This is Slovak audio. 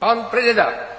Pán predseda.